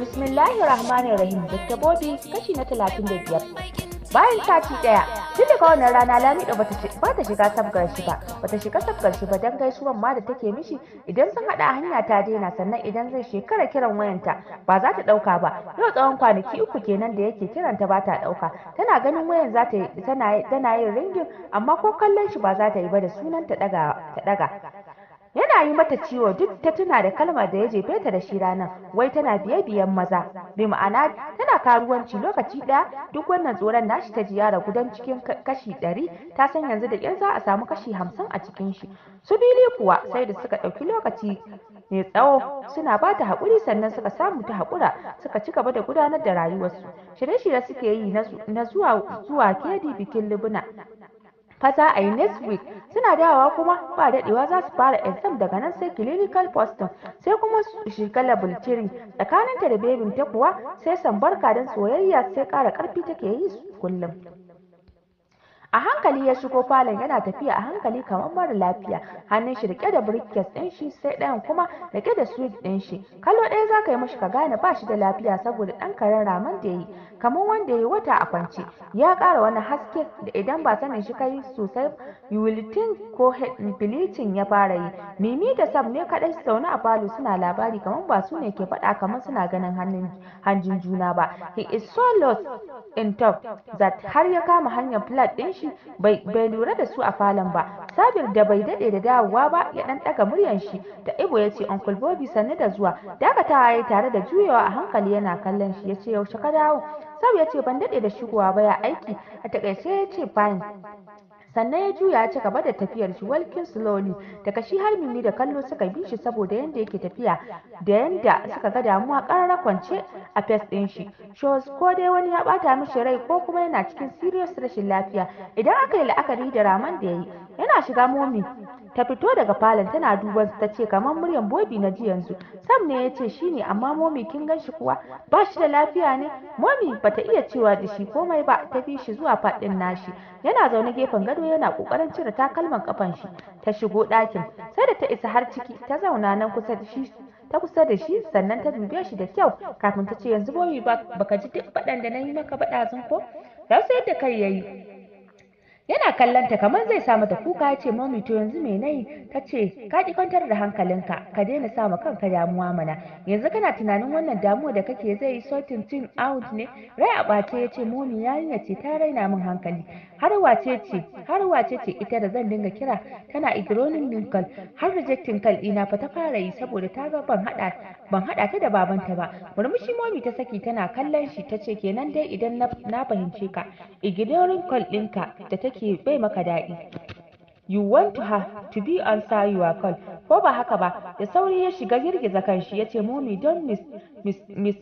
Bismillahir Rahmanir Rahim Dakkabobi kashi na 35. bayan sati daya tun daga wannan rana lamido ba ta shiga sabgar shi ba ba shiga sabgar shi ba don gaisuwar ma da take mishi idan sun hada hanya ta daina sannan idan zai shekara kiran wayanta ba za ta dauka ba yau tsawon kwanaki uku kenan da yake kiranta ba ta dauka tana ganin wayan za ta tana yin ringin amma ko kallon shi ba za ta yi ba da sunan ta daga ta daga yana yi mata ciwo duk ta tuna da kalmar da ya jefe ta da shi ranar wai tana biye biyen maza bi ma'ana tana karuwanci lokaci ɗaya duk wannan tsoron nashi ta jiyara gudan cikin kashi ɗari ta san yanzu da ƙin za a samu kashi hamsin a cikin shi su bili kuwa sai da suka ɗauki lokaci mai tsawo suna ba ta haƙuri sannan suka samu ta haƙura suka ci gaba da gudanar da rayuwarsu shirye-shirye suke yi na zuwa zuwa bikin libina fata a yi next week suna dawowa kuma ba daɗewa za su fara exam daga nan sai clinical posting sai kuma shekala bultiri tsakaninta da babin ta kuwa sai sambarka don soyayya sai kara ƙarfi take yi kullum a hankali ya shigo falon yana tafiya a hankali kamar mara lafiya hannun shi rike da brickets din shi sai ɗayan kuma rike da suit din shi kallo ɗaya zaka yi mashi ka gane ba shi da lafiya saboda ɗan karen raman da ya yi kamar wanda ya yi wata a kwance ya kara wani haske da idan ba sanin shi kai sosai yulitin ko bilitin ya fara yi mimi da sam ne kaɗai zaune a falo suna labari kamar ba su ne ke faɗa kamar suna ganin hannun hanjin juna ba he is so lost in talk that har ya kama hanyar flat ɗin shi shi bai lura da su a falon ba sabir da bai dade da dawowa ba ya dan daga muryan shi da ibo ya ce uncle bobby sannu da zuwa dakatawa ya tare da juyawa a hankali yana kallon shi ya ce yaushe ka dawo sabir ya ce ban dade da shigowa ba ya aiki a takaice ya ce fine sannan ya juya ya ci gaba da tafiyar shi walking slowly daga shi har mimi da kallo suka bi shi saboda yanda yake tafiya da yanda suka ga damuwa karara kwance a fes din shi shows ko dai wani ya bata mishi rai ko kuma yana cikin serious rashin lafiya idan aka yi la'akari da raman da ya yi yana shiga momi ta fito daga falon tana duban ta ce kamar muryan bobi na ji yanzu sam ne ya yace shine amma momi kin ganshi kuwa ba shi da lafiya ne momi bata iya cewa da shi komai ba ta bi shi zuwa fadin nashi yana zaune gefen gado yana kokarin cire takalman kafan shi ta shigo ɗakin sai da ta isa har ciki ta zauna nan kusa da shi ta kusa da shi sannan ta dube shi da kyau kafin ta ce yanzu bobi baka ji duk faɗan da na yi maka ba ɗazun ko sai da kai yayi yana kallon ta kamar zai sa mata kuka ya ce mami to yanzu me nayi ta ce ka ki kwantar da hankalinka ka daina sa ma kanka damuwa mana yanzu kana tunanin wannan damuwa da kake zai yi sorting thing out ne rai a ɓace ya ce mami yarinya ce ta raina min hankali har wace ce har wace ce ita da zan dinga kira tana ignoring min har rejecting kal dina fa ta fara yi saboda ta ga ban hada ban hada ta da babanta ba murmushi momi ta saki tana kallon shi ta ce kenan dai idan na fahimce ka ignoring kal ɗinka da take bai maka daɗi you want to to be answer your call ko ba haka ba da sauri ya shiga girgiza kanshi ya ce mommy don mis, mis, miss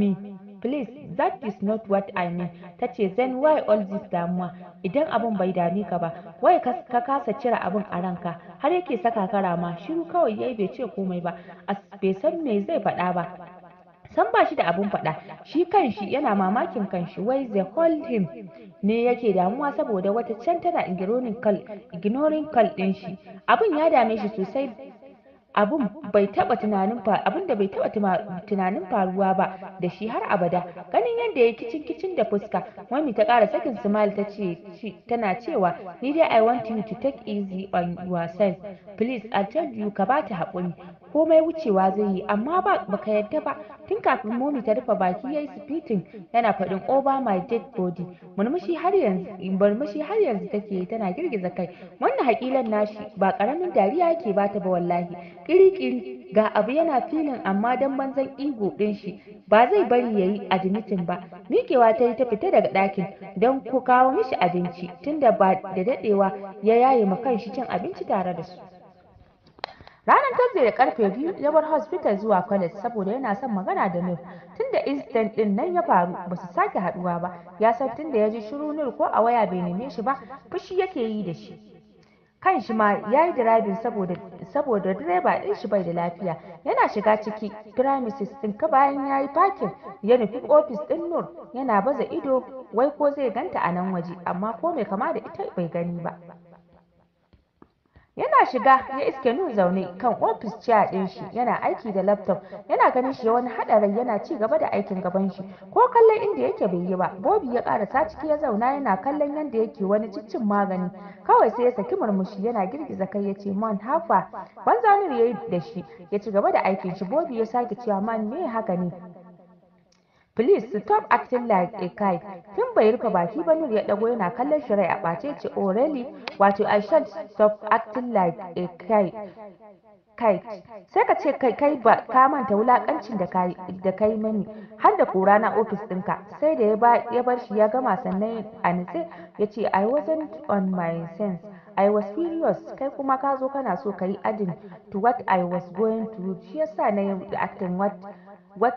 me please that is not what I mean ta ce then why all this damuwa idan abun bai dami ka ba wai ka kasa cire abun a ranka har yake saka rama shiru kawai yayi bai ce komai ba bai san me zai faɗa ba san ba shi da abun faɗa shi kanshi yana mamakin kanshi Why they hold him ne yake damuwa saboda wata can tana ignoring call ignoring call din shi abun ya dame shi sosai abin bai taba tunanin fa da bai taba tunanin faruwa ba da shi har abada ganin yadda ya kicin kicin da fuska Momi ta ƙara sakin smile ta ce tana cewa ni dai i want you to take easy on yourself please i tell you ka bata haƙuri komai wucewa zai yi amma ba baka yadda ba tun kafin momi ta rufe baki yayi spitting yana faɗin over my dead body murmushi har yanzu murmushi har yanzu take tana girgiza kai wannan haƙilan nashi ba ƙaramin dariya yake bata ba wallahi kirikiri ga abu yana filin amma dan banzan ihu ɗin shi ba zai bari yayi admitin ba miƙewa ta yi ta fita daga ɗakin don ku kawo mishi abinci tunda ba da daɗewa ya yaye ma kanshi cin abinci tare da su Ranar Thursday da karfe biyu ya bar hospital zuwa college saboda yana son magana da Nur. Tunda incident din nan ya faru basu sake haduwa ba. Ya san tunda ya ji shiru Nur ko a waya bai neme shi ba, fushi yake yi da shi. kan shi ma ya yi dirabin saboda direba ɗin shi bai da lafiya yana shiga ciki premises ɗin ka bayan ya yi parking ya nufi ofis ɗin nur yana baza ido wai ko zai ganta a nan waje amma ko mai kama da ita bai gani ba yana shiga ya iske nu zaune kan ofis chair din shi yana aiki da laptop yana ganin shi wani hadarai yana ci gaba da aikin gaban shi ko kallon inda yake bai yi ba bobi ya sa ciki ya zauna yana kallon yanda yake wani ciccin magani kawai sai ya saki murmushi yana girgiza kai yace man hafa banza ya yayi da shi ya ci gaba da aikin shi bobi ya sake cewa man me haka ne Please stop acting like a guy. Tun bai rufe baki ba Nur ya dago yana kallon shi rai a ɓace ce oh wato I shan't stop acting like a guy. Kai sai ka ce kai kai ba ka manta wulakancin da kai da kai mani har da kura na office ɗinka sai da ya bar shi ya gama sannan a nitse ya ce I wasn't on my sense I was furious kai kuma ka zo kana so ka yi adin to what I was going through shi yasa na yi acting what what,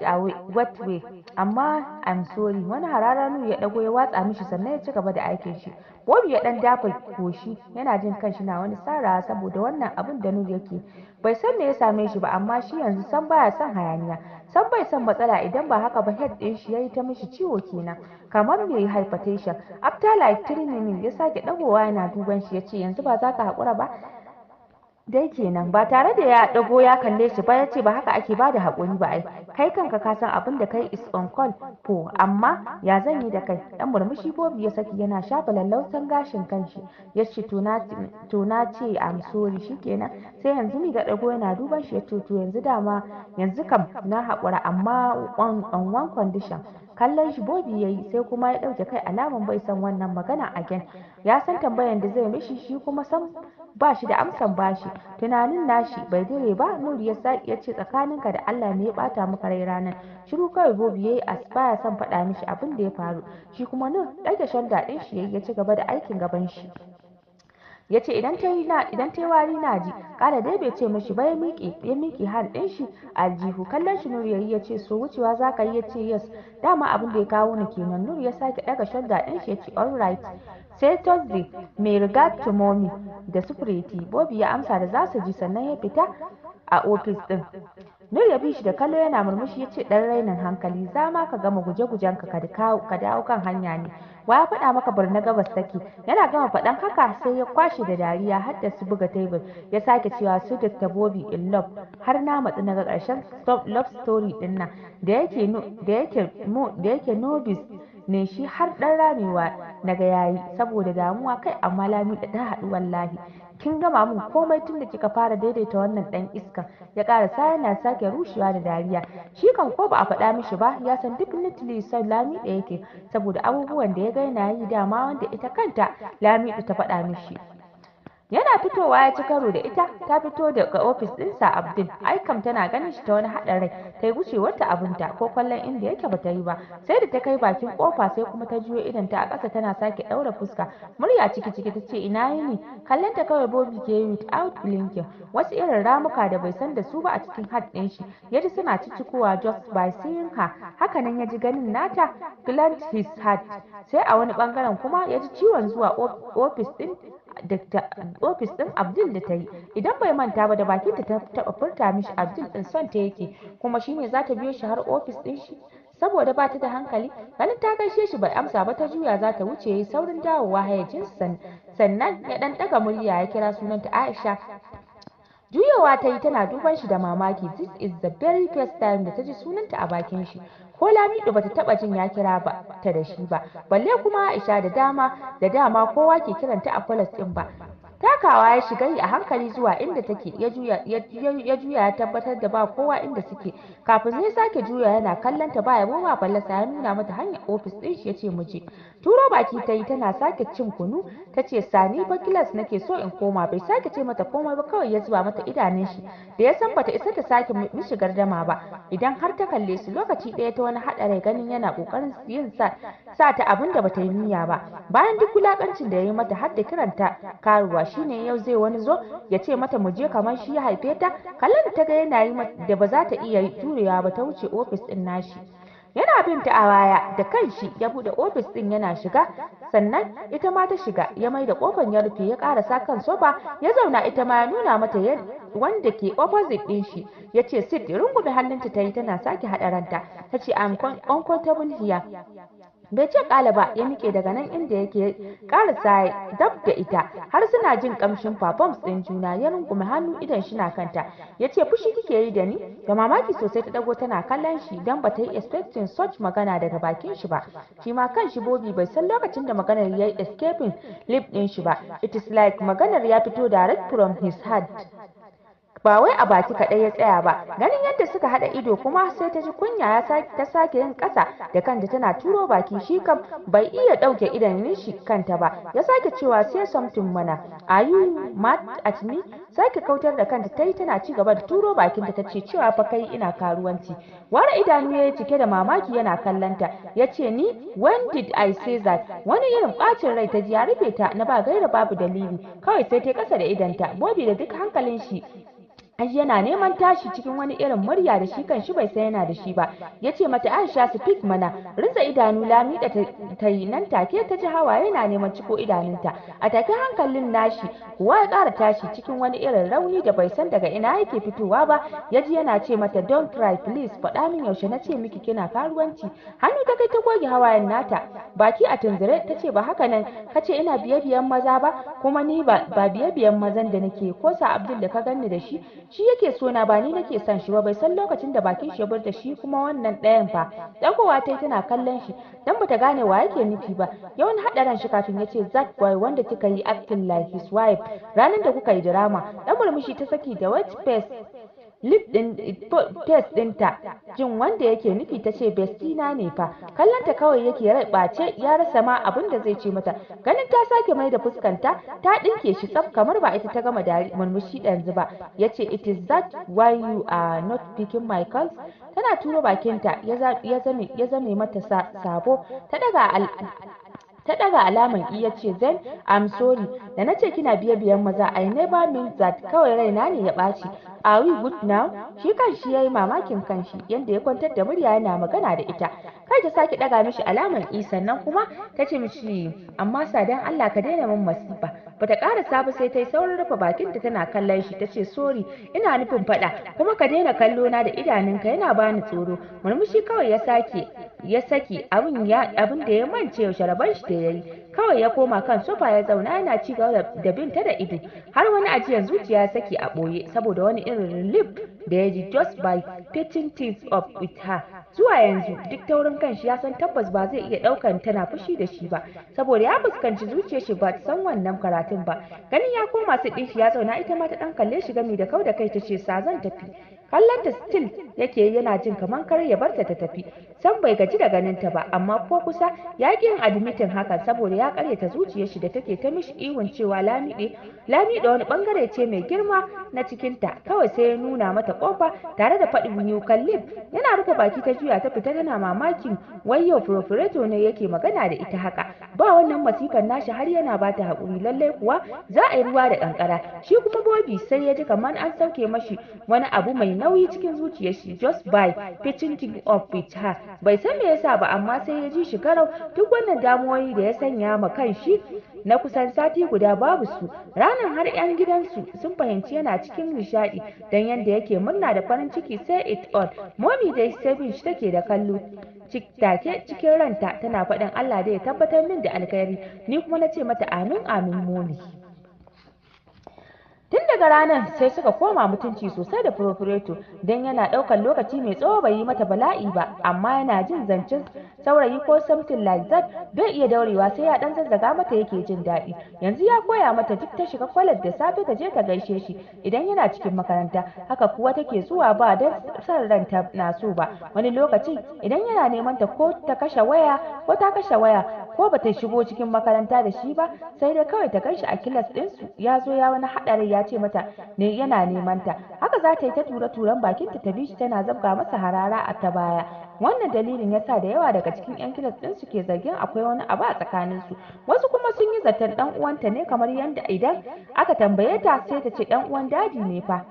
way amma I'm sorry wani harara Nuhu ya dago ya watsa mishi sannan ya ci gaba da aikin shi bobi ya dan dafa koshi yana jin kanshi na wani sara saboda wannan abun da Nuhu yake bai san me ya same shi ba amma shi yanzu san baya son hayaniya san bai son matsala idan ba haka ba head din shi yayi ta mishi ciwo kenan kamar me hypertension after like 3 minutes ya sake dagowa yana duban shi yace yanzu ba za ka hakura ba dai kenan ba tare da ya dago ya kalle shi ba ya ce ba haka ake ba da haƙuri ba ai kai kanka ka san abin da kai is on call po amma ya zan yi da kai ɗan murmushi bobi ya saki yana shafa lallausan gashin kanshi ya ce to na ce am sorry shikenan sai yanzu ni ga dago yana duban shi ya ce to yanzu dama yanzu kam na haƙura amma on one condition kallon shi bobi yayi sai kuma ya ɗauke kai alaman bai san wannan magana a gen ya san tambayan da zai mishi shi kuma san ba shi da amsan bashi tunanin nashi bai dire ba nuri ya saki ya ce tsakaninka da Allah ne ya bata maka rai ranar shiru kawai bobi yayi asbaya son faɗa mishi abin da ya faru shi kuma nun ɗage shan daɗin shi yayi ya ci gaba da aikin gaban shi ya ce idan ta yi wari na ji kada dai bai ce mashi ba ya miƙe ya miƙe hand ɗin shi aljihu kallon shi nur yayi ya ce so wucewa za ka yi ya ce yes dama abin da ya kawo ni kenan nur ya sake ɗaga shadda ɗin shi ya ce alright sai thursday mai riga to mommy da sufuriti bobi ya amsa da za su ji sannan ya fita a ofis ɗin Nur ya bi shi da kallo yana murmushi ya ce ɗan rainin hankali za ma ka gama guje-gujen ka ka dawo kan hanya ne wa ya faɗa maka barna gabas take yana gama faɗan haka sai ya kwashe da dariya har da su buga tebur ya sake cewa su Dr. Bobby in love har na matsi na ga ƙarshen love story din nan da yake da yake da yake nobis ne shi har ɗan ramewa naga yayi saboda damuwa kai amma lami da ta haɗu wallahi kin gama min komai tun da kika fara daidaita wannan dan iskan ya karasa yana sake rushewa da dariya shi kan ko ba a faɗa mishi ba ya san duk litili son lami da yake saboda abubuwan da ya ga yana yi dama wanda ita kanta lami ta faɗa mishi yana fitowa ya ci karo da ita ta fito daga ofis ɗinsa abdul aikam tana ganin shi ta wani haɗa rai ta yi abin ta ko kwallon inda yake bata yi ba sai da ta kai bakin kofa sai kuma ta juyo idan ta a ƙasa tana sake ɗaura fuska murya ciki ciki ta ce ina yi ne kallon ta kawai bobi ke yi without blinking wasu irin ramuka da bai san da su ba a cikin hat ɗin shi ya ji suna ciccikowa jos by seeing her hakanan ya ji ganin nata glant his heart sai a wani bangaren kuma ya ji ciwon zuwa ofis ɗin ofis din abdul da ta yi idan bai manta ba da bakin ta taba furta mishi abdul din son ta yake kuma shine za ta biyo shi har ofis din shi saboda ba ta da hankali ganin ta gaishe shi bai amsa ba ta juya za ta wuce yi saurin dawowa hayajin sannan ya dan daga murya ya kira sunanta aisha juyowa ta yi tana duban shi da mamaki this is the very first time da ta ji sunanta a bakin shi ko lamido bata taba jin ya kira ba ta da shi ba balle kuma Aisha da dama da dama kowa ke kiranta a kwalas ɗin ba takawa ya shiga a hankali zuwa inda take ya juya ya juya ya tabbatar da ba kowa inda suke kafin sai sake juya yana kallon ta ba yabo ba fallasa ya nuna mata hanyar ofis din shi yace mu je turo baki ta yi tana sake cin kunu tace sani ba glass nake so in koma bai sake ce mata komai ba kawai ya zuba mata idanun shi da ya san bata isa ta sake mishi gardama ba idan har ta kalle su lokaci ɗaya ta wani haɗarai ganin yana kokarin yin sa sa ta abin da bata yi niyya ba bayan duk wulakancin da ya yi mata har da kiranta karuwa ne yau zai wani zo ya ce mata mu je kamar shi ya haife ta kallon ta ga yana yi da ba za ta iya jurewa ba ta wuce ofis ɗin nashi yana bin ta a baya da kanshi ya buɗe ofis ɗin yana shiga sannan ita ma ta shiga ya mai da ya rufe ya karasa kan sofa ya zauna ita ma ya nuna mata yadda. wanda ke opposite din shi ya ce sit rungume hannunta ta yi tana sake haɗa ranta ta ce am uncomfortable here bai ce kala ba ya nike daga nan inda yake kara tsaye, dab da ita har suna jin kamshin papoms din juna ya rungume hannu idan shi na kanta ya ce fushi kike yi da ni da mamaki sosai ta dago tana kallon shi don ba ta yi expecting such magana daga bakin shi ba shi ma kan shi bobi bai san lokacin da maganar ya yi escaping lip din shi ba it is like maganar ya fito direct from his heart ba wai a baki kaɗai ya tsaya ba ganin yadda suka haɗa ido kuma sai ta ji kunya ta sake yin ƙasa da kanta tana turo baki shi kam bai iya ɗauke idan shi kanta ba ya sake cewa sai something mana ayu mat at me sake kautar da kanta ta yi tana ci gaba da turo da ta ce cewa fa kai ina karuwanci wara idanu ya yi cike da mamaki yana kallanta ya ce ni when did I say that wani irin ɓacin rai ta ji ya rufe ta na ba gaira babu dalili kawai sai ta kasa da idanta bobi da duk hankalin shi har yana neman tashi cikin wani irin murya da shi kan shi bai san yana da shi ba ya ce mata aisha su fik mana rinsa idanu lami da ta yi nan take ta ji hawaye na neman ciko idanunta a take hankalin nashi kuwa ya ƙara tashi cikin wani irin rauni da bai san daga ina yake fitowa ba yaji yana ce mata don't cry please faɗa min yaushe na ce miki kina karuwanci hannu ta kai ta goge hawayen nata baki a tunzure ta ce ba haka nan ka ce ina biye biyen maza ba kuma ni ba biye biyen mazan da nake ko sa abdul da ka ganni da shi shi yake so na ba ni nake son shi ba bai san lokacin da bakin shi ya bar da shi kuma wannan ɗayan fa ɗaukowa ta tana kallon shi dan bata gane wa yake nufi ba yawan ran shi kafin ya ce zack boy wanda kika yi acting like his wife ranar da kuka yi drama ɗan murmushi ta saki da white face lip din test dinta jin wanda yake nufi ta ce bestina ne fa kallonta kawai yake rai bace ya rasa ma abin da zai ce mata ganin ta sake mai da fuskanta ta dinke shi tsaf kamar ba ita ta gama dari murmushi ɗanzu ba yace it is that why you are not picking my calls tana turo bakinta ya zame mata sabo ta daga ta ɗaga alaman iya e ce then I'm sorry da na ce kina biye biyan maza I never mean that kawai raina ne ya ɓaci are we good now shi kan shi yayi mamakin kanshi yadda ya kwantar da murya yana magana da ita kai ta sake ɗaga mishi alaman i e sannan kuma ta ce mishi amma sadan Allah ka daina min masifa bata ƙara sabu sai ta yi saurin rufe ta tana kallon shi ta ce sorry ina nufin faɗa kuma ka daina kallo na da idanunka yana bani tsoro murmushi kawai ya sake ya saki abin ya abin da ya mance yaushe rabon shi da yayi kawai ya koma kan sofa ya zauna yana ci gaba da bin ta da ido har wani ajiyar zuciya ya saki a boye saboda wani irin relief da ya ji just by pitching things up with her zuwa yanzu duk taurin shi ya san tabbas ba zai iya ɗaukan tana fushi da shi ba saboda ya fuskanci zuciyar shi ba ta san wannan karatun ba ganin ya koma su ɗin shi ya zauna ita ma ta dan kalle shi gami da kau da kai ta ce sa zan tafi kallon ta still yake yana jin kamar kar ya barta ta tafi san bai gaji da ganin ta ba amma ko kusa ya ki yin admitin haka saboda ya karyata zuciyar shi da take ta mishi ihun cewa lamide lamide wani bangare ce mai girma na cikin ta kawai sai ya nuna mata ƙofa tare da faɗin new kallib yana rufe baki ta juya ta fita tana mamakin wai yau profureto ne yake magana da ita haka ba wannan masifan nashi har yana ba ta haƙuri lallai kuwa za a yi ruwa da ƙanƙara shi kuma bobi sai ya ji kamar an sauke mashi wani abu mai nauyi cikin zuciyar shi just by pitching thing up with her bai san me yasa ba amma sai ya ji shi garau duk wannan damuwoyi da ya sanya ma kan shi na kusan sati guda babu su ranar har 'yan gidansu sun fahimci yana cikin nishadi don yadda yake murna da farin ciki say it all momi dai sabin shi take da kallo take cikin ranta tana faɗin allah da ya tabbatar min da alkhairi ni kuma na ce mata amin amin momi tun daga ranar sai suka koma mutunci sosai da furofureto don yana ɗaukar lokaci mai tsawo bai yi mata bala'i ba amma yana jin zancen saurayi ko something like that bai iya daurewa sai ya ɗan zazzaga mata yake jin daɗi yanzu ya koya mata duk ta shiga kwalar da safe ta je ta gaishe shi idan yana cikin makaranta haka kuwa take zuwa ba don son ranta na so ba wani lokacin idan yana neman ta ko ta kashe waya ko ta kashe waya ko ba ta shigo cikin makaranta da shi ba sai dai kawai ta gan shi a kilas ɗinsu ya zo ya wani haɗarin ya ce mata ne yana neman ta haka za ta yi ta tura turan bakinta ta bi shi tana zabga masa harara a ta baya wannan dalilin ya sa da yawa daga cikin 'yan kilas ɗin su ke zargin akwai wani abu a tsakaninsu wasu kuma sun yi zaton ɗan uwanta ne kamar yadda idan aka tambaye ta sai ta ce ɗan uwan daji ne fa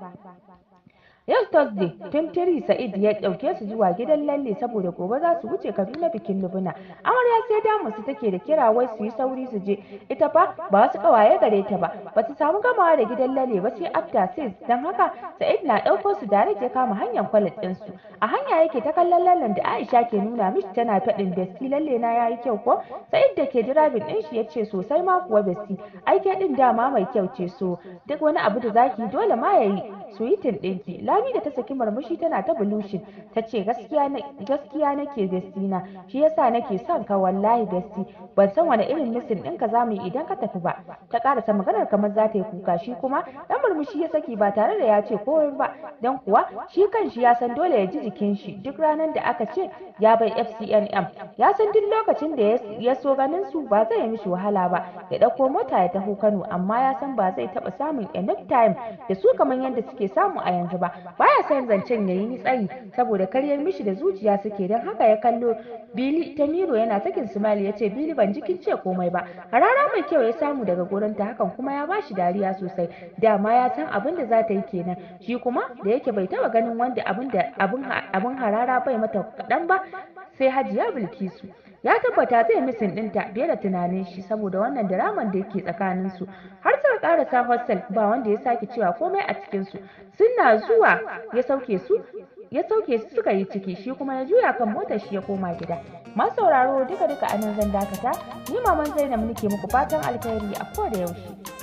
Yau Thursday, tuntiri Sa'id ya ɗauke su zuwa gidan lalle saboda gobe za su wuce Kaduna bikin Lubuna. Amarya sai damu su take da kira wai su yi sauri su je. Ita fa ba wasu ƙawaye gare ta ba. Ba su samu gamawa da gidan lalle ba sai after six don haka Sa'id na ɗauko su dare ya kama hanyar ɗin ɗinsu. A hanya yake ta kallon lallen da Aisha ke nuna mishi tana faɗin besti lalle na ya yi kyau ko? Sa'id da ke dirabin ɗin shi ya ce sosai ma kuwa besti. Aike ɗin dama mai kyau ce so. Duk wani abu da zaki dole ma ya yi. ɗin ɗinki lami da ta saki murmushi tana ta bulushin ta ce gaskiya nake destina shi yasa nake son ka wallahi desti ban san wani irin misin ɗinka za mu yi idan ka tafi ba ta ƙarasa maganar kamar za ta yi kuka shi kuma ɗan murmushi ya saki ba tare da ya ce komai ba don kuwa shi kan shi ya san dole ya ji jikin shi duk ranar da aka ce ya bai FCNM ya san duk lokacin da ya so ganin su ba zai mishi wahala ba ya ɗauko mota ya taho Kano amma ya san ba zai taɓa samun enough time da su kamar yadda suke yake samu a yanzu ba baya san zancen ya yi tsayi saboda karyar mishi da zuciya suke don haka ya kallo bili tamiro yana sakin sumali ya ce bili ban jikin ce komai ba harara mai kyau ya samu daga gurinta hakan kuma ya bashi dariya sosai dama ya san abin da za ta yi kenan shi kuma da yake bai taba ganin wanda abin harara bai mata kaɗan ba sai hajiya bilkisu ya tabbata zai misin ɗinta biye da tunanin shi saboda wannan diraman da yake tsakanin su har suka ta hostel ba wanda ya sake cewa komai a cikin su suna zuwa ya sauke su ya sauke su suka yi ciki shi kuma ya juya kan motar shi ya koma gida masu sauraro duka duka anan zan dakata ni maman Zainab nake muku fatan alkhairi a koda yaushe